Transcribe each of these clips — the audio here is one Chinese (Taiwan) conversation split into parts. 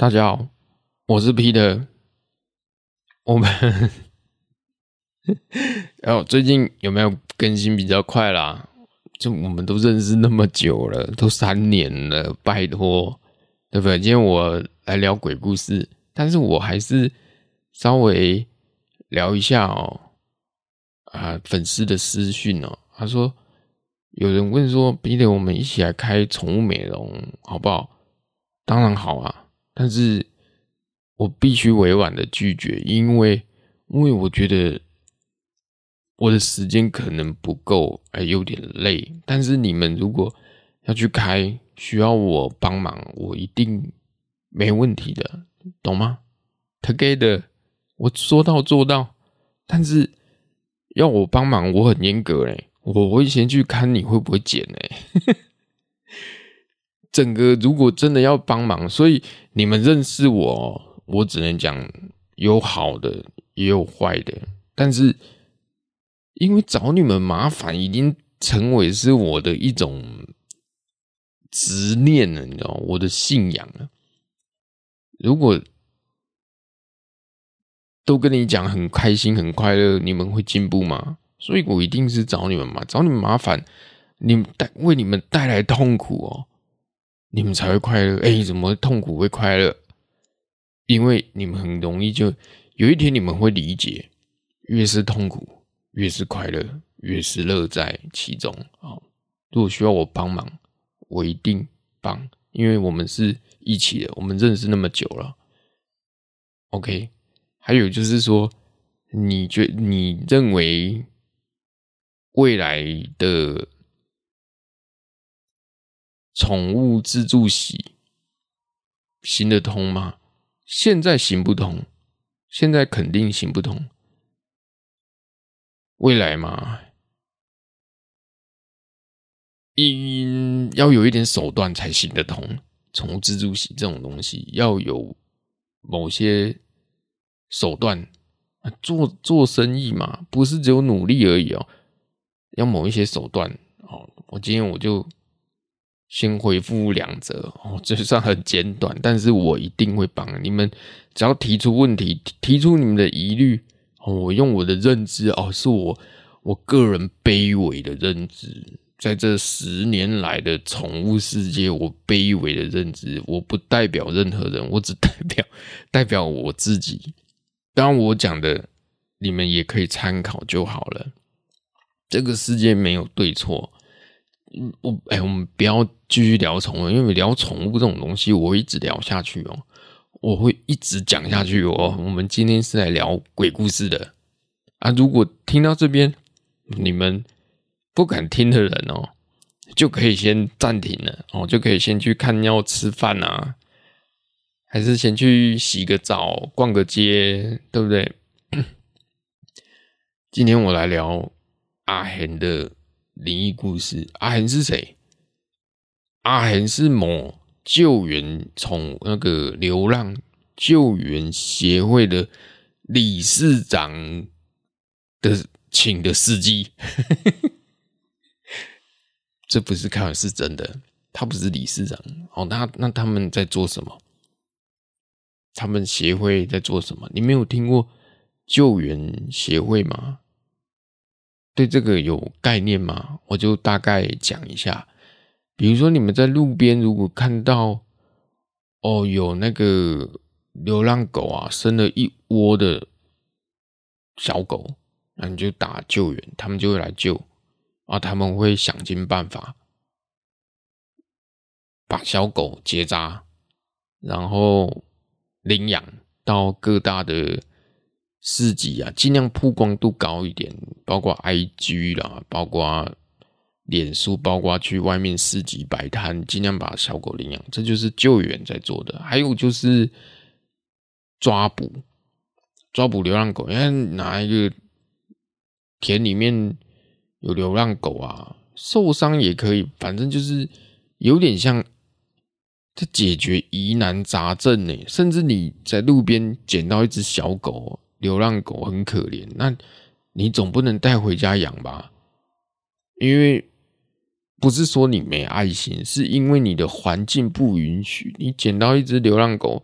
大家好，我是 Peter。我們然後 最近有沒有更新比較快啦？啊？就我們都認識那麼久了，都三年了，拜託，對不對？今天我來聊鬼故事，但是我還是稍微聊一下哦。啊，粉絲的私訊哦，他說有人問說，彼得，我們一起來開寵物美容好不好？當然好啊。但是我必須委婉的拒絕，因為因為我覺得我的時間可能不夠，哎，有點累。但是你們如果要去開，需要我幫忙，我一定沒問題的，懂嗎？他給的，我說到做到。但是要我幫忙，我很嚴格嘞、欸，我會先去看你會不會剪嘞、欸。 整個如果真的要幫忙，所以你們認識我，我只能講有好的也有壞的。但是因為找你們麻煩已經成為是我的一種執念了，你知道我的信仰了。如果都跟你講很開心很快樂，你們會進步嗎？所以我一定是找你們麻，找你們麻煩，你們帶，為你們帶來痛苦哦。你們才會快樂。哎，怎麼痛苦會快樂？因為你們很容易就有一天你們會理解，越是痛苦越是快樂，越是樂在其中啊！如果需要我幫忙，我一定幫，因為我們是一起的，我們認識那麼久了。OK，還有就是說，你覺你認為未來的。寵物自助洗行得通嗎？現在行不通，現在肯定行不通。未來嘛，嗯，要有一點手段才行得通。寵物自助洗這種東西要有某些手段。做做生意嘛，不是只有努力而已哦，要某一些手段哦。好，我今天我就。先回復兩則哦，就算很簡短，但是我一定會幫你們。只要提出問題，提出你們的疑慮哦，我用我的認知哦，是我我個人卑微的認知，在這十年來的寵物世界，我卑微的認知，我不代表任何人，我只代表代表我自己。當然，我講的你們也可以參考就好了。這個世界沒有對錯，嗯，我哎，我們不要。繼續聊寵物，因為聊寵物這種東西，我一直聊下去哦，我會一直講下去哦。我們今天是來聊鬼故事的啊！如果聽到這邊你們不敢聽的人哦，就可以先暫停了哦，就可以先去看要吃飯啊，還是先去洗個澡、逛個街，對不對？今天我來聊阿恆的靈異故事。阿恆是誰？阿恆、啊，是某救援從那個流浪救援協會的理事長的請的司機， 這不是開玩笑，是真的。他不是理事長哦，那那他們在做什麼？他們協會在做什麼？你沒有聽過救援協會嗎？對這個有概念嗎？我就大概講一下。比如說，你們在路邊如果看到，哦，有那個流浪狗啊，生了一窩的小狗，那你就打救援，他們就會來救，啊，他們會想盡辦法把小狗結紮，然後領養到各大的市集啊，盡量曝光度高一點，包括 IG 啦，包括。臉書，包括去外面市集擺攤，盡量把小狗領養，這就是救援在做的。還有就是抓捕、抓捕流浪狗。你看哪一個田裡面有流浪狗啊？受傷也可以，反正就是有點像在解決疑難雜症呢、欸。甚至你在路邊撿到一隻小狗，流浪狗很可憐，那你總不能帶回家養吧？因為不是說你沒愛心，是因為你的環境不允許。你撿到一隻流浪狗，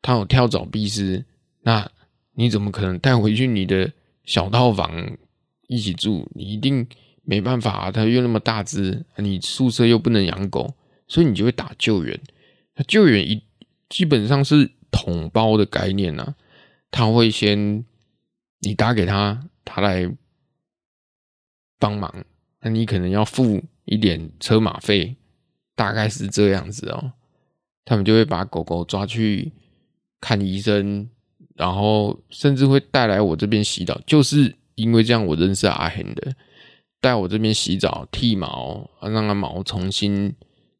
它有跳蚤、壁蝨，那你怎麼可能帶回去你的小套房一起住？你一定沒辦法啊，它又那麼大隻，你宿舍又不能養狗，所以你就會打救援。救援一基本上是統包的概念吶、啊，它會先你打給他，他來幫忙。那你可能要付。一點車馬費，大概是這樣子哦。他們就會把狗狗抓去看醫生，然後甚至會帶來我這邊洗澡，就是因為這樣我認識阿恆的。帶我這邊洗澡、剃毛，讓它毛重新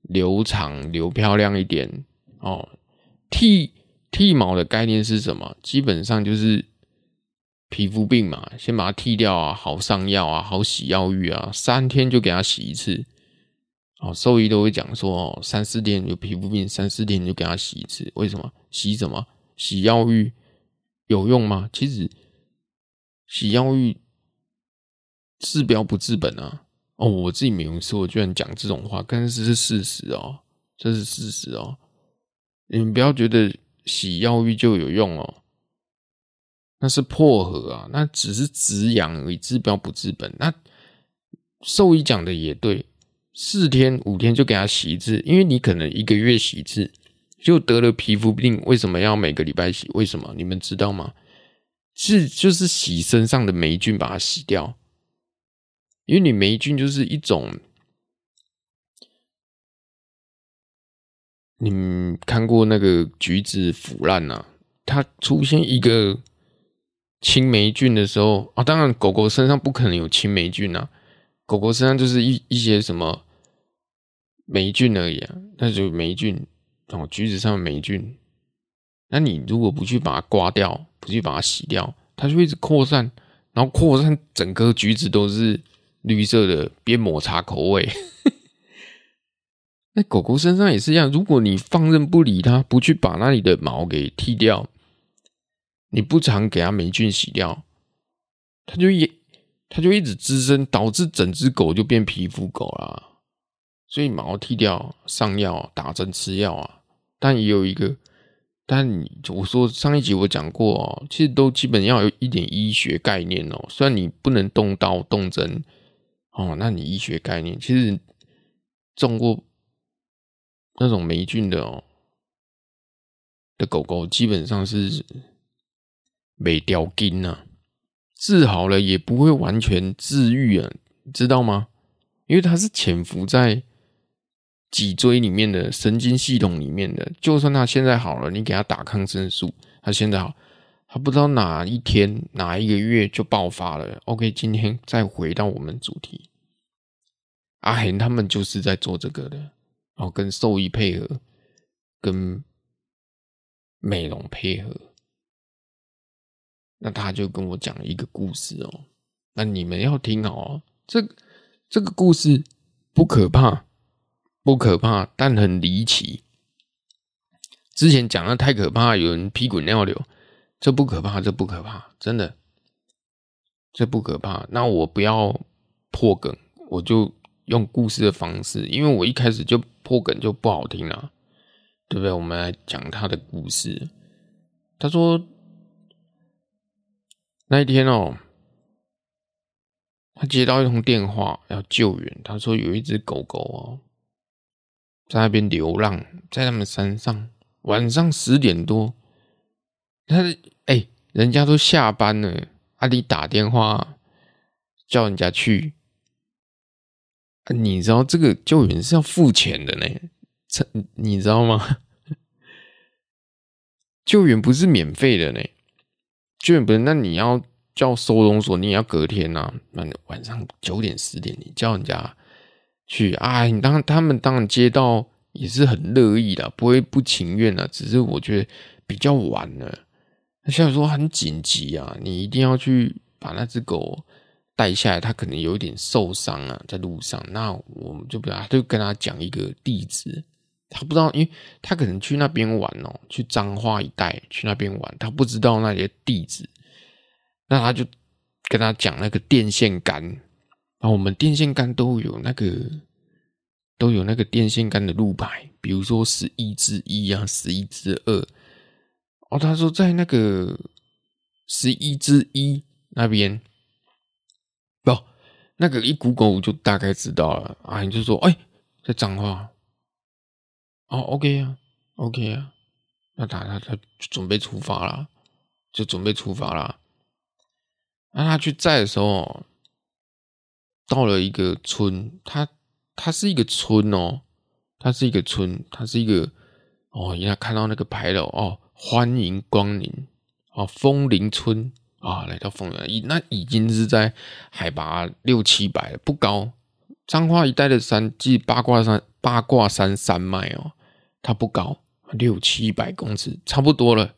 留長、留漂亮一點哦。剃剃毛的概念是什麼？基本上就是。皮膚病嘛，先把它剃掉啊，好上藥啊，好洗藥浴啊，三天就給它洗一次。哦，獸醫都會講說，三四天有皮膚病，三四天就給它洗一次。為什麼？洗什麼？洗藥浴有用嗎？其實洗藥浴治標不治本啊。哦，我自己沒有說，我居然講這種話，但是這是事實哦，這是事實哦。你們不要覺得洗藥浴就有用哦。那是薄荷啊，那只是止癢而已，治標不治本。那獸醫講的也對，四天五天就給他洗一次，因為你可能一個月洗一次就得了皮膚病。為什麼要每個禮拜洗？為什麼？你們知道嗎？是就是洗身上的黴菌，把它洗掉。因為你黴菌就是一種，你們看過那個橘子腐爛吶、啊，它出現一個。青黴菌的時候啊，哦，當然狗狗身上不可能有青黴菌啊，狗狗身上就是一一些什麼黴菌而已。啊，那就有黴菌哦，橘子上的黴菌，那你如果不去把它刮掉，不去把它洗掉，它就會一直擴散，然後擴散整個橘子都是綠色的，變抹茶口味。 那狗狗身上也是一樣，如果你放任不理它，不去把那裡的毛給剃掉。你不常給它黴菌洗掉，它就一它就一直滋生，導致整隻狗就變皮膚狗啦。所以毛剃掉、上藥、打針、吃藥啊。但也有一個，但我說上一集我講過哦，其實都基本要有一點醫學概念哦。雖然你不能動刀動針哦，那你醫學概念其實中過那種黴菌的哦的狗狗，基本上是。沒掉根呢，治好了也不會完全治癒啊，你知道嗎？因為它是潛伏在脊椎裡面的神經系統裡面的，就算他現在好了，你給他打抗生素，他現在好，他不知道哪一天哪一個月就爆發了。OK，今天再回到我們主題，阿恆他們就是在做這個的，然後，哦，跟獸醫配合，跟美容配合。那他就跟我講一個故事哦、喔，那你們要聽好哦，這這個故事不可怕，不可怕，但很離奇。之前講的太可怕，有人屁滾尿流，這不可怕，這不可怕，真的，這不可怕。那我不要破梗，我就用故事的方式，因為我一開始就破梗就不好聽了，啊，對不對？我們來講他的故事。他說。那一天哦，他接到一通電話要救援。他說有一隻狗狗哦，在那邊流浪，在他們山上。晚上十點多，他哎、欸，人家都下班了，阿、啊、里打電話叫人家去。你知道這個救援是要付錢的呢？這你知道嗎？ 救援不是免費的呢。就不是，那你要叫收容所，你也要隔天吶、啊。那晚上九點十點，10點你叫人家去啊？你當他們當然接到也是很樂意的，不會不情願啦，只是我覺得比較晚了。那現在說很緊急啊，你一定要去把那只狗帶下來，他可能有一點受傷啊，在路上。那我們就不要，就跟他講一個地址。他不知道，因為他可能去那邊玩哦、喔，去彰化一帶去那邊玩，他不知道那些地址，那他就跟他講那個電線桿，然、啊、後我們電線桿都有那個都有那個電線桿的路牌，比如說十一之一啊，十一之二，哦、啊，他說在那個十一之一那邊，不，那個一谷歌我就大概知道了啊，你就說哎、欸，在彰化。哦、oh,，OK 啊 o、okay、k 啊，那他他他準備出發啦，就準備出發啦。那他去載的時候，到了一個村他，他他是一個村哦、喔，他是一個村，他是一個哦，人家、oh, 看到那個牌樓哦，oh, 歡迎光臨哦，楓、oh, 林村啊，oh, 來到楓林，那已經是在海拔六七百了，不高，彰化一帶的山，即八卦山八卦山山脈哦、喔。他不高，六七百公尺差不多了，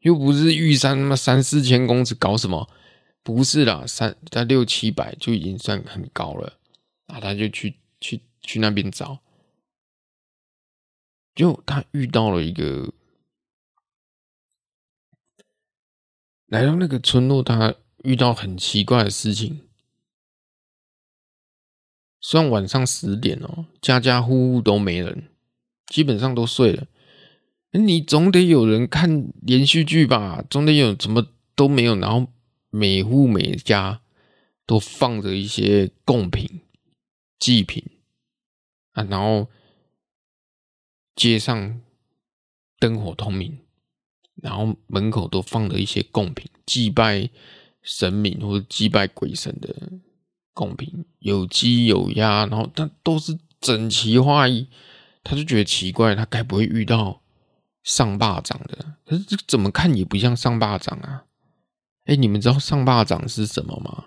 又不是玉山，那三四千公尺搞什麼？不是啦，三他六七百就已經算很高了，那、啊、他就去去去那邊找，就他遇到了一個，來到那個村落，他遇到很奇怪的事情，算晚上十點哦、喔，家家戶戶都沒人。基本上都睡了，你總得有人看連續劇吧？總得有什麼都沒有，然後每戶每家都放着一些貢品、祭品啊，然後街上燈火通明，然後門口都放着一些貢品，祭拜神明或者祭拜鬼神的貢品，有雞有鴨，然後它都是整齊劃一。他就覺得奇怪，他該不會遇到上霸掌的？可是這怎麼看也不像上霸掌啊！哎、欸，你們知道上霸掌是什麼嗎？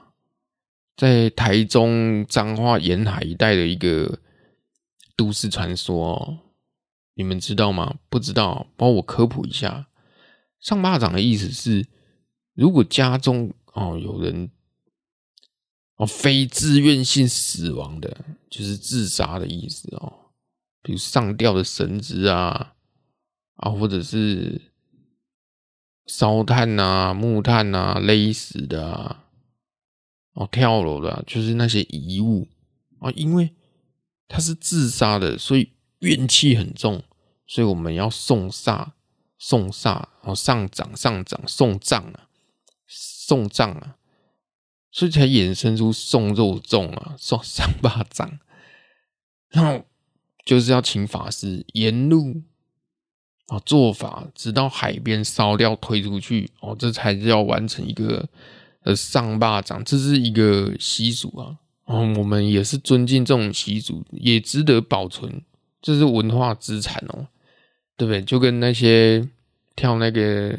在台中彰化沿海一帶的一個都市傳說哦，你們知道嗎？不知道，幫我科普一下。上霸掌的意思是，如果家中哦有人哦非自願性死亡的，就是自殺的意思哦。比如上吊的繩子啊，啊，或者是燒炭吶、啊、木炭吶、啊、勒死的、啊，哦、啊，跳樓的、啊，就是那些遺物啊，因為他是自殺的，所以怨氣很重，所以我們要送煞、送煞，然後上長、上長、送葬啊，送葬啊，所以才衍生出送肉粽啊、送三巴掌。然後。就是要請法師沿路啊、哦、做法，直到海邊燒掉推出去哦，這才是要完成一個呃上巴掌，這是一個習俗啊。哦，我們也是尊敬這種習俗，也值得保存，這是文化資產哦，對不對？就跟那些跳那個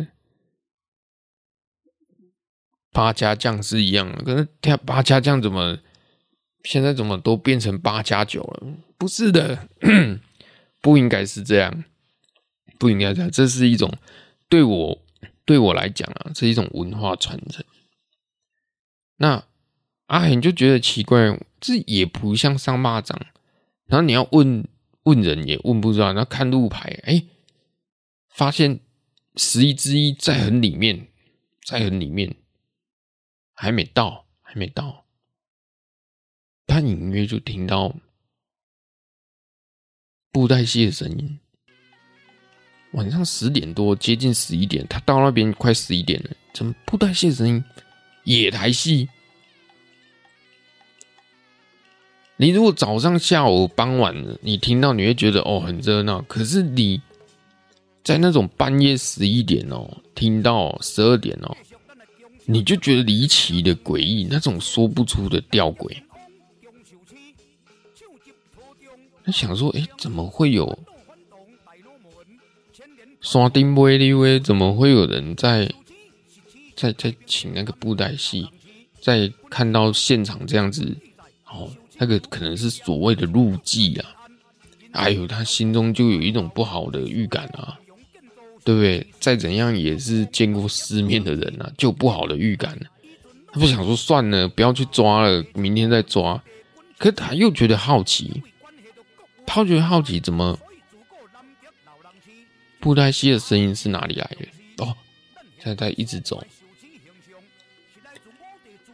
八家將是一樣的，可是跳八家將怎麼？現在怎麼都變成八加九了？不是的，不應該是這樣，不應該這樣。這是一種對我對我來講啊，這是一種文化傳承。那阿恆、啊、就覺得奇怪，這也不像上巴掌，然後你要問問人也問不知道，然後看路牌，哎、欸，發現十一之一在很裡面，在很裡面，還沒到，還沒到。隱約就聽到布袋戲的聲音。晚上十點多，接近十一點，他到那邊快十一點了，怎麼布袋戲的聲音？野台戲？你如果早上、下午、傍晚，你聽到你會覺得哦很熱鬧，可是你在那種半夜十一點哦，聽到十二點哦，你就覺得離奇的詭異，那種說不出的吊詭。他想說：“誒、欸，怎麼會有刷丁威的威？怎麼會有人在在在請那個布袋戲？在看到現場這樣子，哦，那個可能是所謂的路祭啊！哎呦，他心中就有一種不好的預感啊，對不對？再怎樣也是見過世面的人啊，就有不好的預感。他不想說算了，不要去抓了，明天再抓。可他又覺得好奇。”超級好奇，怎麼布袋戲的聲音是哪裡來的？哦，他在一直走，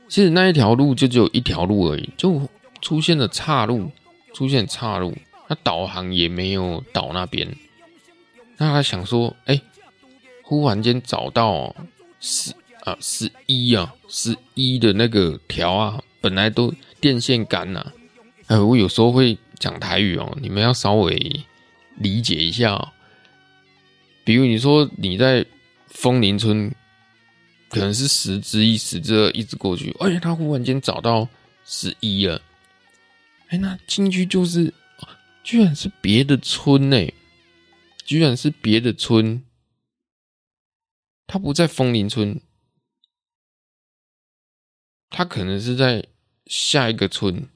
其實那一條路就只有一條路而已，就出現了岔路，出現岔路，他導航也沒有導那邊。那他想說，哎、欸，忽然間找到十啊十一啊十一的那個條啊，本來都電線桿啊，哎、欸，我有時候會。講台語哦、喔，你們要稍微理解一下、喔。比如你說你在楓林村，對可能是十之一、十之二一直過去，哎、欸，他忽然間找到十一了。哎、欸，那進去就是，居然是別的村呢、欸，居然是別的村，他不在楓林村，他可能是在下一個村。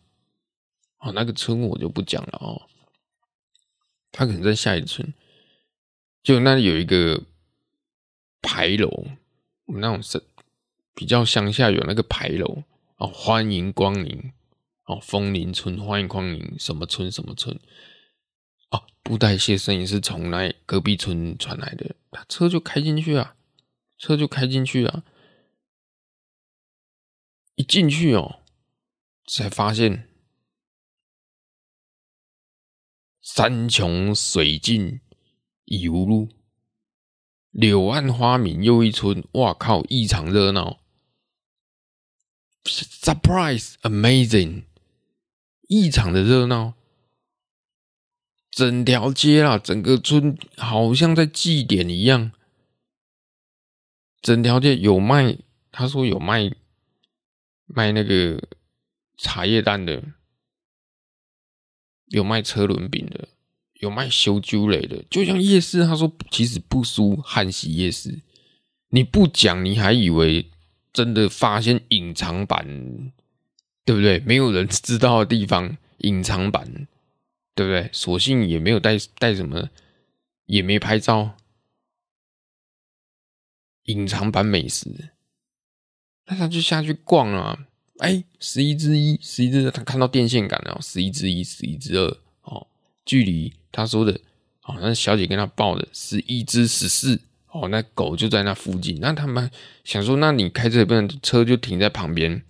哦，那個村我就不講了哦，他可能在下一村，就那裡有一個牌樓，我們那種是比較鄉下有那個牌樓哦，歡迎光臨哦，楓林村歡迎光臨什麼村什麼村，哦，布袋戲聲音是從那隔壁村傳來的，他車就開進去啊，車就開進去了，車就開進去了，一進去哦，才發現。山窮水盡疑無路，柳暗花明又一村。哇靠！異常熱鬧，surprise amazing，異常的熱鬧，整條街啊，整個村好像在祭典一樣。整條街有賣，他說有賣，賣那個茶葉蛋的。有賣車輪餅的，有賣修啾類的，就像夜市。他說：“其實不輸漢溪夜市，你不講，你還以為真的發現隱藏版，對不對？沒有人知道的地方，隱藏版，對不對？索性也沒有帶帶什麼，也沒拍照，隱藏版美食，那他就下去逛啊。哎，十一之一，十一之二，他看到電線杆了喔。十一之一，十一之二，哦，距離他說的，哦，那小姐跟他報的十一之十四，哦，那狗就在那附近。那他們想說，那你開這邊的車就停在旁邊，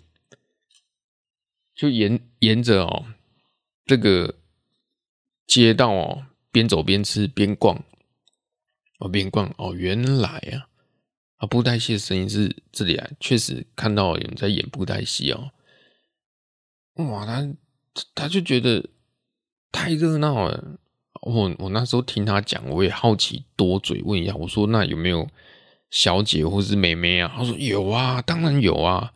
就沿沿着哦這個街道哦，邊走邊吃邊逛，哦邊逛哦，喔，原來啊。啊！布袋戲的聲音是這裡啊，確實看到有人在演布袋戲哦、喔。哇，他他就覺得太熱鬧了。我我那時候聽他講，我也好奇多嘴問一下，我說：“那有沒有小姐或是妹妹啊？”他說：“有啊，當然有啊，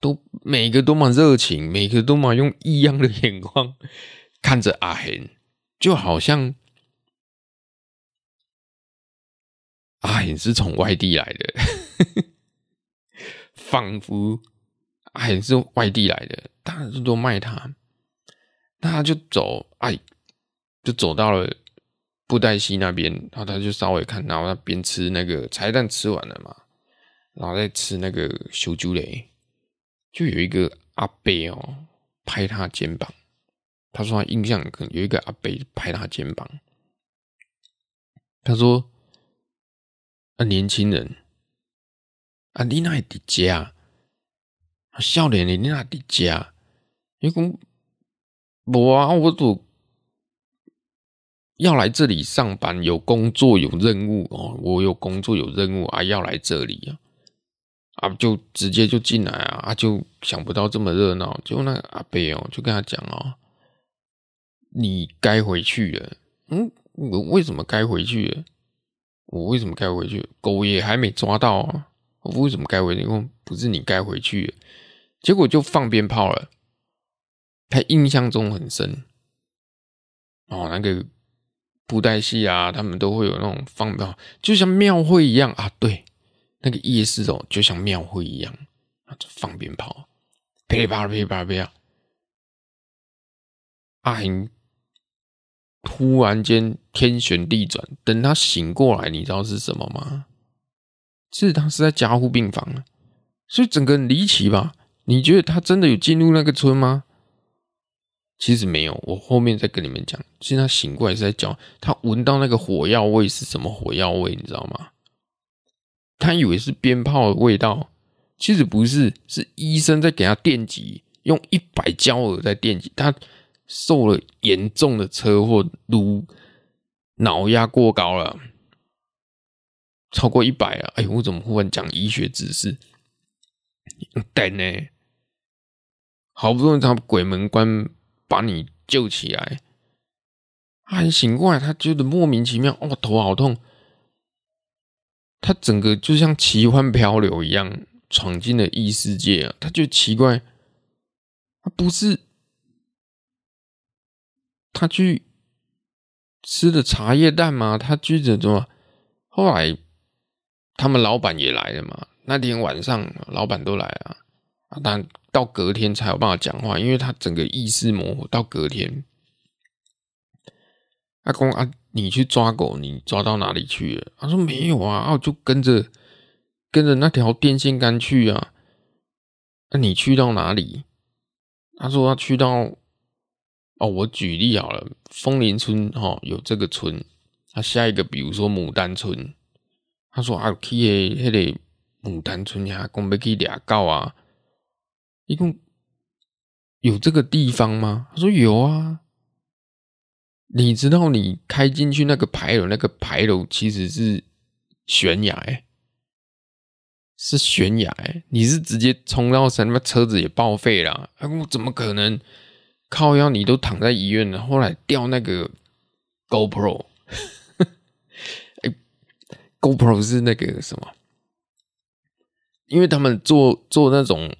都每個都蠻熱情，每個都蠻用異樣的眼光看着阿賢，就好像。”哎，是從外地來的， 仿佛還是外地來的，當然是都賣他，那他就走，哎，就走到了布袋戲那邊，然後他就稍微看，然後他邊吃那個茶葉蛋吃完了嘛，然後再吃那個燒酒螺，就有一個阿伯哦拍他肩膀，他說他印象可能有一個阿伯拍他肩膀，他說。啊，年輕人啊，啊，人你那的家啊，少年你那的家，你說、啊、我我都要來這裡上班，有工作有任務哦，我有工作有任務啊，要來這裡啊，啊就直接就進來啊，啊就想不到這麼熱鬧，就那個阿伯哦，就跟他講哦，你該回去了，嗯，我為什麼該回去了？我為什麼該回去？狗也還沒抓到啊！我為什麼該回去？因為不是你該回去，結果就放鞭炮了。他印象中很深哦，那個布袋戲啊，他們都會有那種放鞭炮，就像廟會一樣啊。對，那個夜市哦，就像廟會一樣，啊，就放鞭炮，噼里啪啦，噼里啪啦，噼里。哎！突然間天旋地轉，等他醒過來，你知道是什麼嗎？其實他是在加護病房，所以整個離奇吧？你覺得他真的有進入那個村嗎？其實沒有，我後面再跟你們講。其實他醒過來是在叫，他聞到那個火藥味是什麼火藥味？你知道嗎？他以為是鞭炮的味道，其實不是，是醫生在給他電擊，用一百焦耳在電擊他。受了嚴重的車禍，顱腦壓過高了，超過一百啊！哎，我怎麼忽然講醫學知識？等、嗯、呢，好不容易從鬼門關把你救起來，他醒過來，他覺得莫名其妙，哇、哦，頭好痛，他整個就像奇幻漂流一樣，闖進了異世界啊！他就奇怪，他不是。他去吃的茶葉蛋嗎？他去着什麼？後來他們老板也來了嘛。那天晚上老板都來了啊，啊，但到隔天才有辦法講話，因為他整個意識模糊。到隔天，阿公啊，你去抓狗，你抓到哪裡去了？他說沒有啊，啊，就跟着跟着那條電線桿去啊，啊。那你去到哪裡？他說他去到。哦，我舉例好了，楓林村哈、哦、有這個村，他、啊、下一個比如說牡丹村，他說啊，去迄個牡丹村呀，講、啊、要去倆高啊，一共有這個地方嗎？他說有啊。你知道你開進去那個牌樓，那個牌樓其實是懸崖誒、欸，是懸崖誒、欸，你是直接衝到山那邊，車子也報廢了、啊。他說我怎麼可能？靠腰，你都躺在醫院了。後來調那個 GoPro，哎、 欸、，GoPro 是那個什麼？因為他們做做那種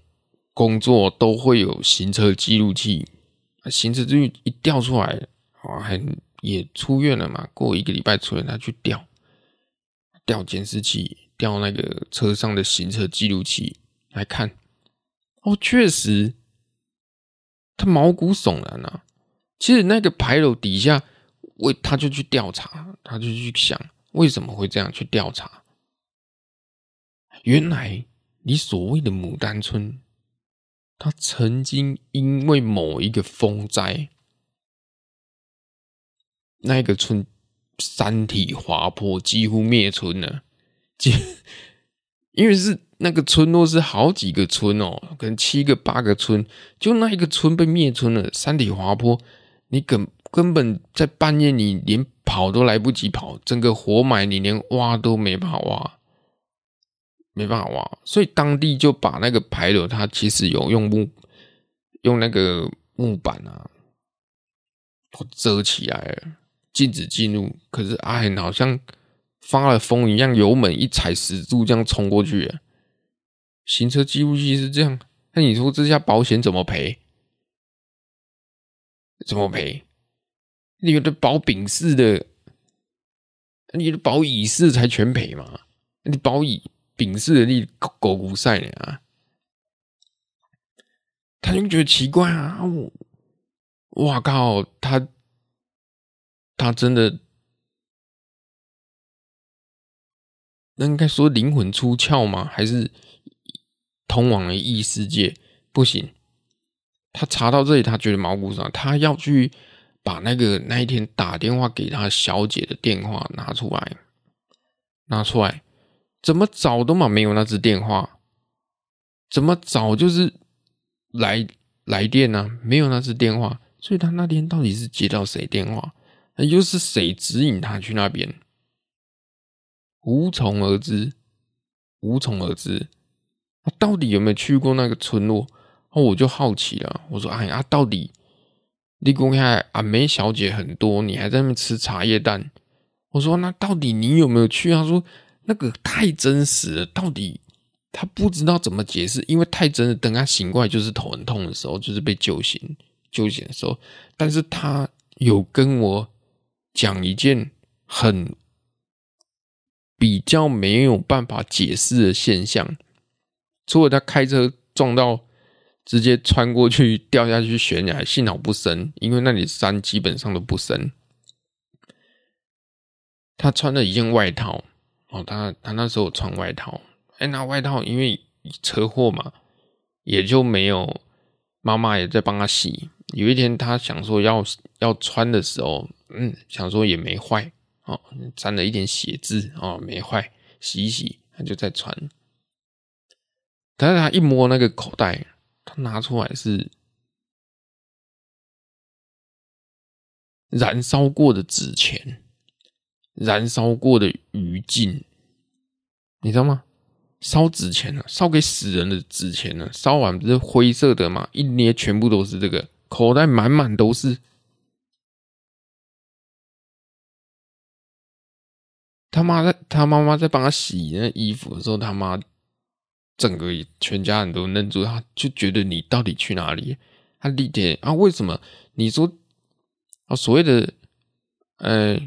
工作都會有行車記錄器，行車記錄一調出來，好、啊，還也出院了嘛？過一個禮拜出院來，他去調調監視器，調那個車上的行車記錄器來看。哦，確實。他毛骨悚然啊！其實那個牌樓底下，為他就去調查，他就去想為什麼會這樣去調查。原來你所謂的牡丹村，他曾經因為某一個風災，那個村山體滑坡，幾乎滅村了，因為是。那個村落是好幾個村哦，可能七個八個村，就那一個村被滅村了。山體滑坡，你根根本在半夜你連跑都來不及跑，整個活埋你連挖都沒辦法挖，沒辦法挖。所以當地就把那個牌樓，它其實有用木用那個木板啊，都遮起來了，禁止進入。可是阿、啊、賢好像發了瘋一樣，油門一踩死住，這樣衝過去。行車記錄器是這樣，那你說這家保險怎麼賠？怎麼賠？你覺得保丙式的，你覺得保乙式才全賠嘛？你保乙、丙式的你，你狗狗不賽的啊？他就覺得奇怪啊！我，哇靠，他，他真的，那應該說靈魂出竅嗎？還是？通往了異世界，不行。他查到這裡，他覺得毛骨悚然。他要去把那個那一天打電話給他小姐的電話拿出來，拿出來，怎麼找都嘛沒有那支電話，怎麼找就是來來電呢、啊？沒有那支電話，所以他那天到底是接到誰電話？又是誰指引他去那邊？無從而知，無從而知。他、啊、到底有沒有去過那個村落？那、哦、我就好奇了。我說：“哎呀、啊，到底立公開，啊梅小姐很多，你還在那邊吃茶葉蛋。”我說：“那、啊、到底你有沒有去？”他說：“那個太真實了，到底他不知道怎麼解釋，因為太真實，等他醒過來，就是頭很痛的時候，就是被救醒、救醒的時候。但是他有跟我講一件很比較沒有辦法解釋的現象。”除了他開車撞到，直接穿過去掉下去懸崖，幸好不深，因為那裡山基本上都不深。他穿了一件外套，哦，他他那時候穿外套，欸，那個外套因為車禍嘛，也就沒有，媽媽也在幫他洗。有一天他想說要要穿的時候，嗯，想說也沒壞，哦，沾了一點血漬，哦，沒壞，洗一洗，他就再穿。但是他一摸那個口袋，他拿出來是燃燒過的紙錢，燃燒過的餘燼，你知道嗎？燒紙錢啊，燒給死人的紙錢啊，燒完不是灰色的嗎？一捏全部都是這個，口袋滿滿都是。他媽在，他媽媽在幫他洗那個衣服的時候，他媽。整個全家人都愣住，他就覺得你到底去哪裡、啊？他理解啊，為什麼你說啊所謂的呃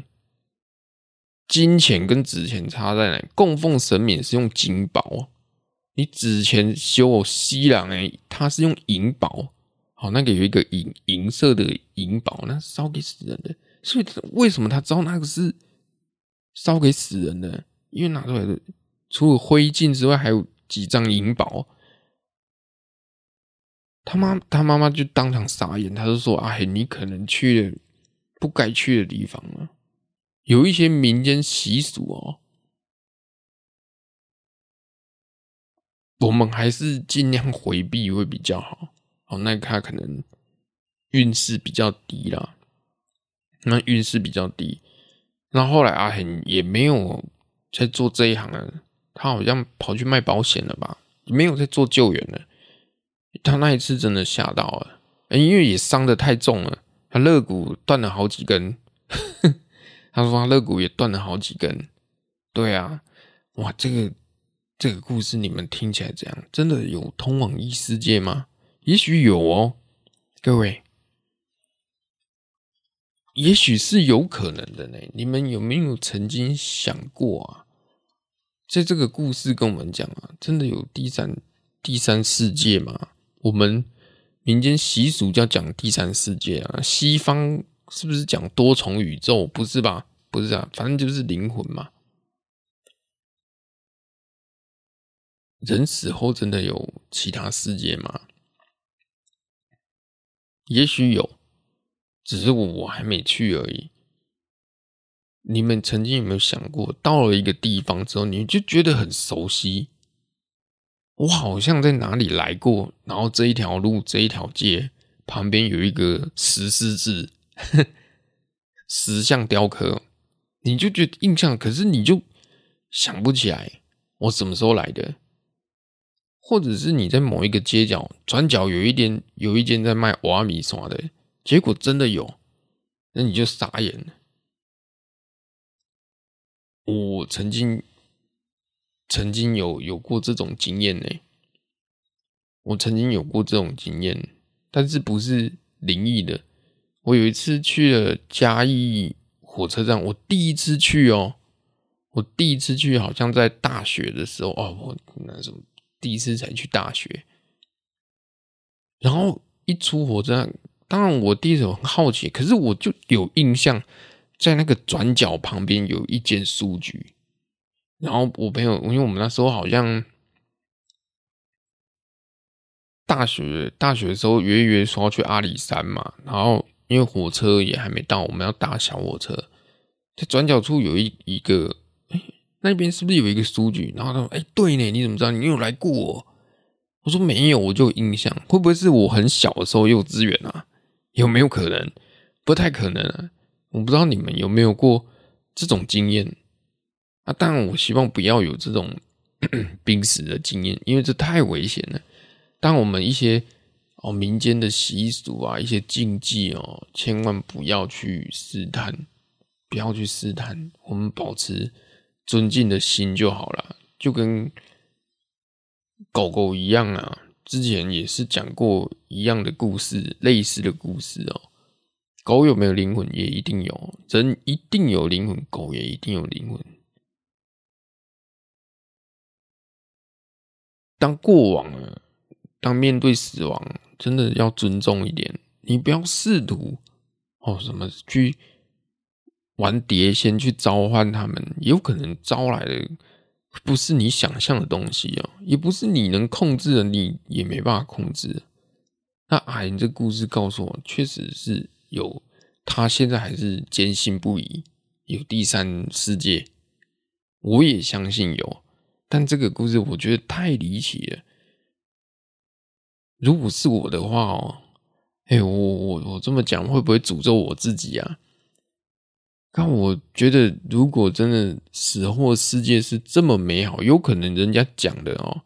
金錢跟紙錢差在哪？供奉神明是用金寶，你紙錢修西涼哎，他是用銀寶，好，那個有一個銀銀色的銀寶，那燒給死人的，所以為什麼他知道那個是燒給死人的？因為拿出來的除了灰燼之外，還有。幾張銀寶，他媽他媽媽就當場傻眼，他就說：“阿恆，啊，你可能去了不該去的地方了，有一些民間習俗哦，我們還是盡量回避會比較好。”哦，那他，個，可能運勢比較低啦，那運勢比較低，那後來阿，啊、恆也沒有再做這一行了，啊。他好像跑去賣保險了吧？沒有在做救援了。他那一次真的嚇到了，欸，因為也傷得太重了，他肋骨斷了好幾根。 他說他肋骨也斷了好幾根。對啊，哇，這個這個故事你們聽起來怎樣？真的有通往異世界嗎？也許有哦，各位，也許是有可能的呢。你們有沒有曾經想過啊？在這個故事跟我們講啊，真的有第三、第三世界嗎？我們民間習俗叫講第三世界啊，西方是不是講多重宇宙？不是吧？不是啊，反正就是靈魂嘛。人死後真的有其他世界嗎？也許有，只是我還沒去而已。你們曾經有沒有想過，到了一個地方之後，你就覺得很熟悉，我好像在哪裡來過。然後這一條路、這一條街旁邊有一個石獅子、石像雕刻，你就覺得印象，可是你就想不起來我什麼時候來的。或者是你在某一個街角轉角有，有一點有一間在賣瓦米什麼的，結果真的有，那你就傻眼了。我曾經，曾經有有過這種經驗呢、欸。我曾經有過這種經驗，但是不是靈異的。我有一次去了嘉義火車站，我第一次去哦、喔，我第一次去好像在大學的時候哦、喔，我那時候第一次才去大學。然後一出火車站，當然我第一次很好奇，可是我就有印象。在那個轉角旁邊有一間書局，然後我朋友，因為我們那時候好像大學大學的時候，約約說要去阿里山嘛，然後因為火車也還沒到，我們要搭小火車，在轉角處有一一個、欸，那邊是不是有一個書局？然後他說：“哎，對呢、欸，你怎麼知道？你有來過？”我說：“沒有，我就有印象，會不會是我很小的時候也有資源啊？有沒有可能？不太可能啊。”我不知道你們有沒有過這種經驗啊？當然，我希望不要有這種瀕死 的經驗，因為這太危險了。當我們一些哦民間的習俗啊，一些禁忌哦，千萬不要去試探，不要去試探，我們保持尊敬的心就好啦。就跟狗狗一樣啊，之前也是講過一樣的故事，類似的故事哦。狗有沒有靈魂？也一定有。人一定有靈魂，狗也一定有靈魂。當過往了，當面對死亡，真的要尊重一點。你不要試圖哦，什麼去玩碟仙，去召喚他們，有可能招來的不是你想象的東西啊、哦，也不是你能控制的，你也沒辦法控制。那哎，啊、你這故事告訴我，確實是。有，他現在還是堅信不疑。有第三世界，我也相信有。但這個故事我覺得太離奇了。如果是我的話哦，哎、欸，我我我這麼講會不會詛咒我自己啊？但我覺得，如果真的死後世界是這麼美好，有可能人家講的哦。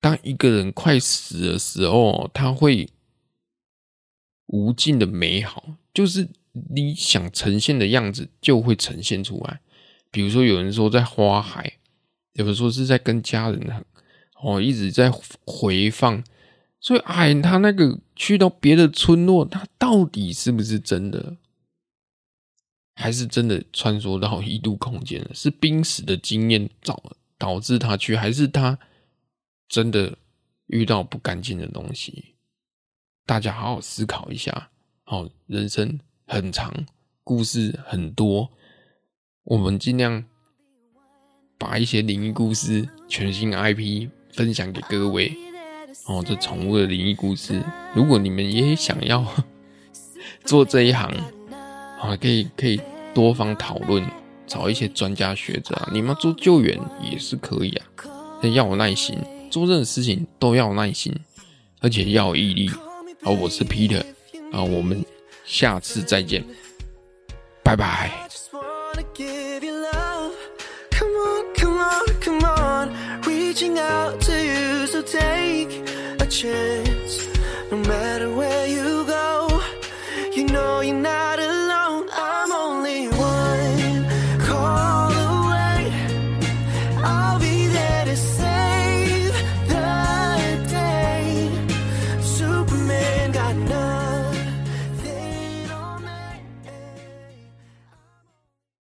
當一個人快死的時候，他會。無盡的美好，就是你想呈現的樣子就會呈現出來。比如說，有人說在花海，有人說是在跟家人哦一直在回放，所以哎，他那個去到別的村落，他到底是不是真的，還是真的穿梭到異度空間？是瀕死的經驗導導致他去，還是他真的遇到不乾淨的東西？大家好好思考一下，哦，人生很長，故事很多，我們盡量把一些靈異故事、全新 IP 分享給各位。哦，這寵物的靈異故事，如果你們也想要做這一行，啊、哦，可以可以多方討論，找一些專家學者，啊。你們做救援也是可以啊，要有耐心，做任何事情都要有耐心，而且要有毅力。好，我是 Peter，啊，我們下次再見，拜拜。